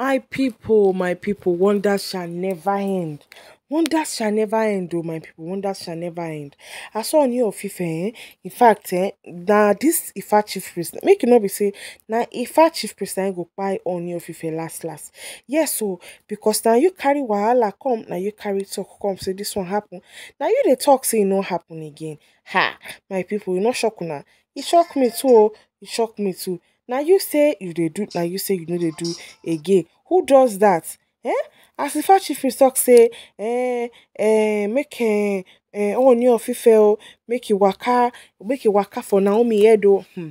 My people, my people, wonders shall never end. Wonders shall never end, oh my people. Wonders shall never end. I saw on your fifa. eh? In fact, eh, na this Ifa chief priest, make you not be say, na Ifa chief priest I go buy on your fifa last last. Yes, so oh, because now you carry wahala come, now you carry talk come, say this one happen. Now you the talk say it e no happen again. Ha, my people, you not shock una. It e shocked me too, It oh. e shocked me too. Now you say you they do Now you say you know they do again who does that eh as if Ifa chief priest talk say eh eh make eh eh Ooni of Ife o make e waka make e waka for Naomi head o hmm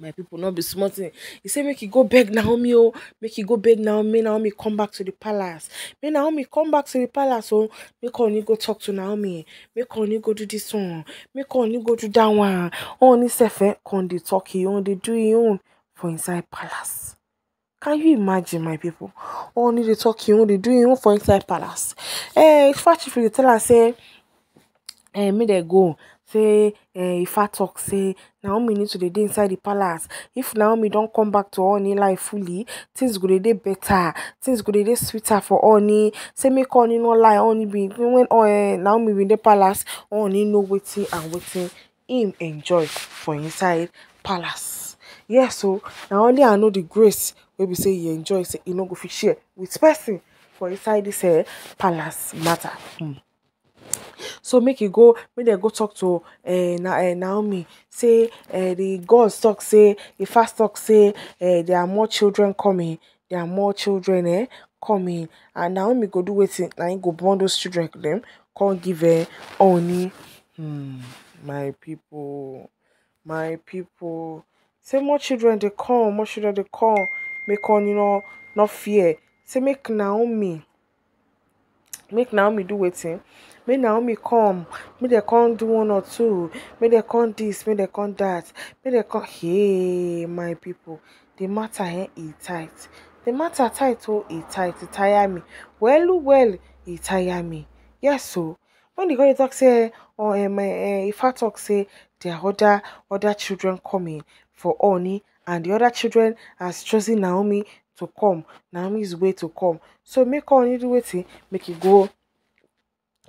my people not be smarting. he say make you go beg naomi oh make you go beg naomi naomi come back to the palace make naomi come back to the palace oh make oni go talk to naomi make oni go do this one make oni go do that one oni sefe eh, con dey talk him own do him own for inside palace can you imagine my people oni the talk him own do him own for inside palace eh it's ifeachi dey tell am say eh make they go say um eh, Ifa talk say Naomi need to dey dey inside the palace. If Naomi don come back to Ooni life fully, things go dey dey better, things go dey dey sweeter for Ooni. Say make Ooni no lie, Ooni bin when um Naomi bin dey palace, Ooni know wetin and wetin im enjoy for inside palace. Yes so na only I know the grace wey be say e enjoy say e no go fit share with person for inside this um palace matter. um so make you go make they go talk to uh, naomi say uh, the gods talk say the fast talk say uh, there are more children coming there are more children eh, coming and naomi go do wetin na im go born those children them come give uh, oni hmm, my people my people say more children they come more children they come make on you know not fear say make naomi make naomi do wetin make naomi come make dem come do one or two make dem come this make dem come that make dem come hey my people the matter eh e tight the matter tight oh e tight e tire me well oh, well e tire me yes so oh. when the guy talk say or um, uh, ifa talk say their other other children coming for oni and the other children has chosen Naomi to come. Naomi's way to come. So make all you do waiting, make you go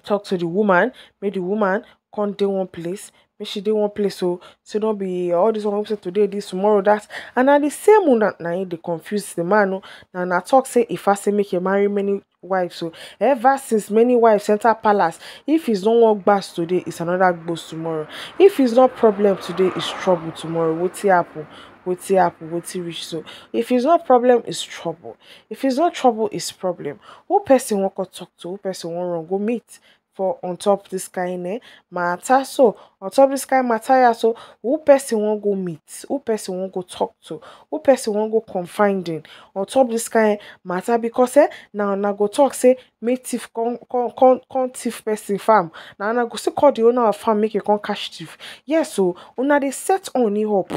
talk to the woman, make the woman come to one place, make she dey one place oh. so so no be all this one say today this tomorrow that and at the same moment, now him dey confuse the man o oh. na na talk say if I say make he marry many wives So oh. ever since many wives enter palace if he's not work gbas today it's another gbos tomorrow if it's not problem today it's trouble tomorrow What's the apple? wetin happen wetin reach so if it's not problem it's trouble if it's not trouble it's problem who person wan come talk to who person wan run go meet for on top this kind eh, matter so on top this kind matter yeah, so who person wan go meet who person wan go talk to who person wan go confiding on top this kind matter because eh, na una go talk say make thief come come come come thief person farm na una go still call the owner of farm make e come catch thief yes o so, una dey set on e up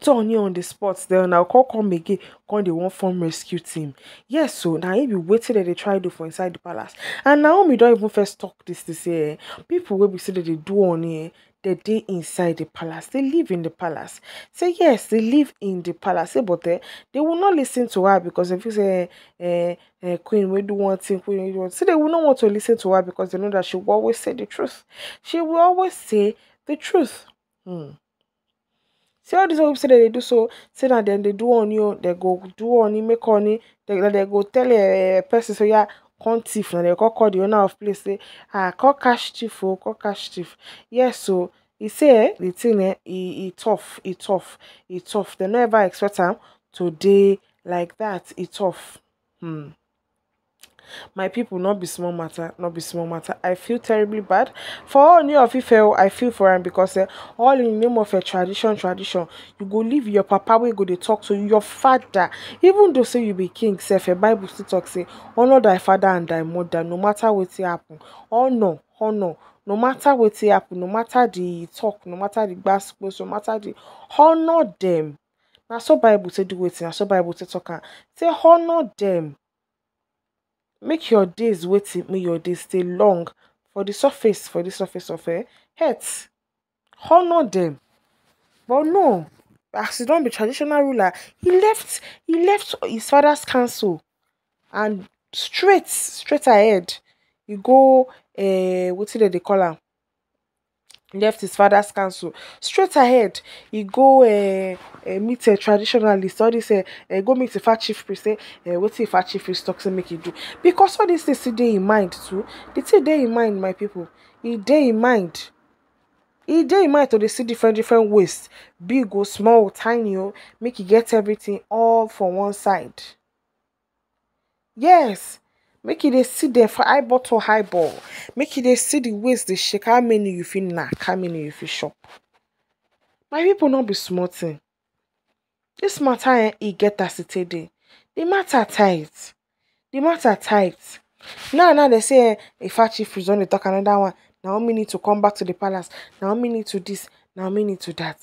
turn you on the spot then now call come again come the one form rescue team yes so now he be waiting that they try do for inside the palace and naomi don't even first talk this to say eh? people will be say that they do on here they dey inside the palace they live in the palace say yes they live in the palace say but they, eh, they will not listen to her because if you say eh, eh, queen we do one thing queen do one they will not want to listen to her because they know that she will always say the truth she will always say the truth hmm. See all these people say that they do so, say that then they do on you, they go do on you, make on you, they, they go tell a person, so yeah, come thief, and they call, call the owner of place, say, ah, call cash thief, oh, call cash thief. Yes, so he say eh, the thing, eh, he, he tough, he tough, he tough. They never expect him to day like that, he tough. Hmm. my people not be small matter not be small matter i feel terribly bad for all new of ife i feel for him because uh, all in the name of a tradition tradition you go leave your papa We go to talk to your father even though say you be king sef a eh, bible still talk say honour thy father and thy mother no matter what you happen honour honour no matter what you happen no matter the talk no matter the basketball. no matter the honour them. na so bible say do it. na so bible say talk say honour them. make your days waiting. make your days stay long for the surface for the surface of um earth honour them but no as he don't be traditional ruler he left he left his father's council and straight straight ahead he go Uh, what dem dey call am left his father's council straight ahead he go uh, uh, meet a eh, traditionalist all this uh, uh, go meet the ifa chief priest say uh, wetin ifa chief priest talk say make you do because all this things still dey in mind too the thing day in mind my people e day in mind e day in mind to they see different different ways big or small o tiny o make you get everything all for one side yes make you dey see there for bottle, high ball. make you dey see the waist they shake how many you fit knock? how many you fit shop? my people not be smarting. this matter eh e get as e take the matter tight the matter tight now now they say if eh, ifa chief priest don talk another one Now naomi need to come back to the palace Now naomi need to this Now naomi need to that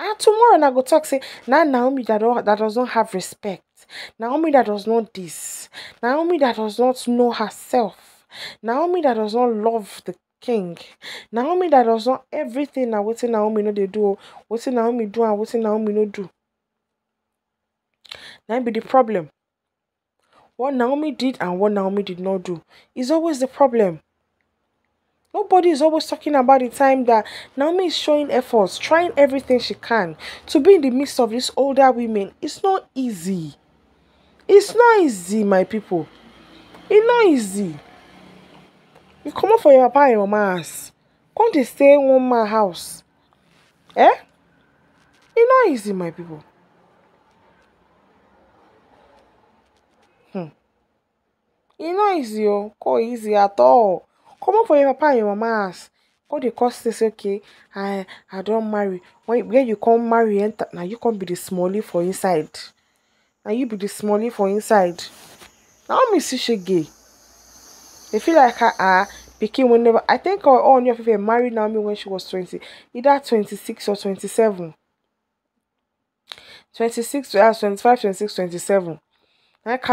and tomorrow I go talk say now naomi that don that doesn't have respect Naomi that does not this. Naomi that does not know herself. Naomi that does not love the king. Naomi that does not everything na wetin Naomi know they do. Wetin Naomi do and wetin Naomi no do. That be the problem. What Naomi did and what Naomi did not do is always the problem. Nobody is always talking about the time that Naomi is showing efforts, trying everything she can to be in the midst of these older women. It's not easy. it's not easy my people e not easy you come up for your papa and your mama's. house come dey stay one my house eh e not easy my people hmm e no easy oh, ko easy at all Come up for your papa and your mama's. house come dey come say okay i i don't marry when when you come marry enter now you come be the smallie for inside. and you be the smallie for inside naomi she gay. they feel like her ah became whenever i think her own your favorite married naomi when she was 20 either 26 or 27 26 to uh, her 25 26 27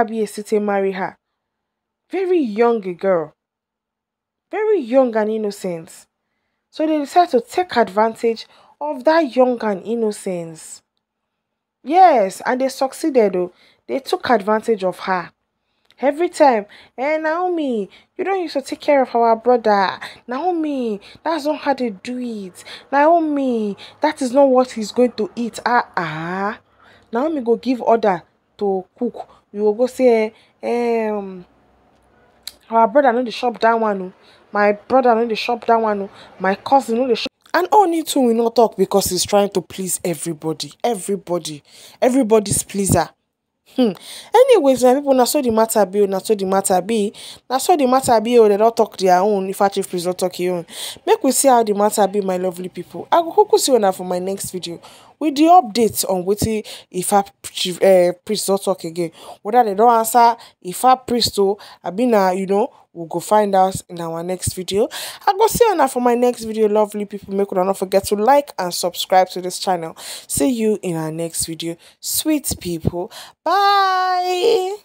be a city marry her very young girl very young and innocent so they decide to take advantage of that young and innocence Yes, and they succeeded. Though. They took advantage of her. Every time, hey eh, Naomi, you don't used to take care of our brother. Naomi, that's not how they do it. Naomi, that is not what he's going to eat. Ah ah. Naomi go give order to cook. You will go say, um, our brother know the shop that one. Oh. My brother know the shop that one. Oh. My cousin know the. shop. And Oni too will not talk because he's trying to please everybody. Everybody. Everybody's pleaser. Hmm. Anyways, my people, na so the matter be, oh, na so the matter be, na so the matter be, oh, they don't talk their own. If I chief please don't talk your own. Make we see how the matter be, my lovely people. I go see you now for my next video with the updates on wetin If chief uh, priest don't talk again. Whether they don't answer If Ifa priest oh, I be na you know we'll go find out in our next video i'll go see you now for my next video lovely people make sure not forget to like and subscribe to this channel see you in our next video sweet people bye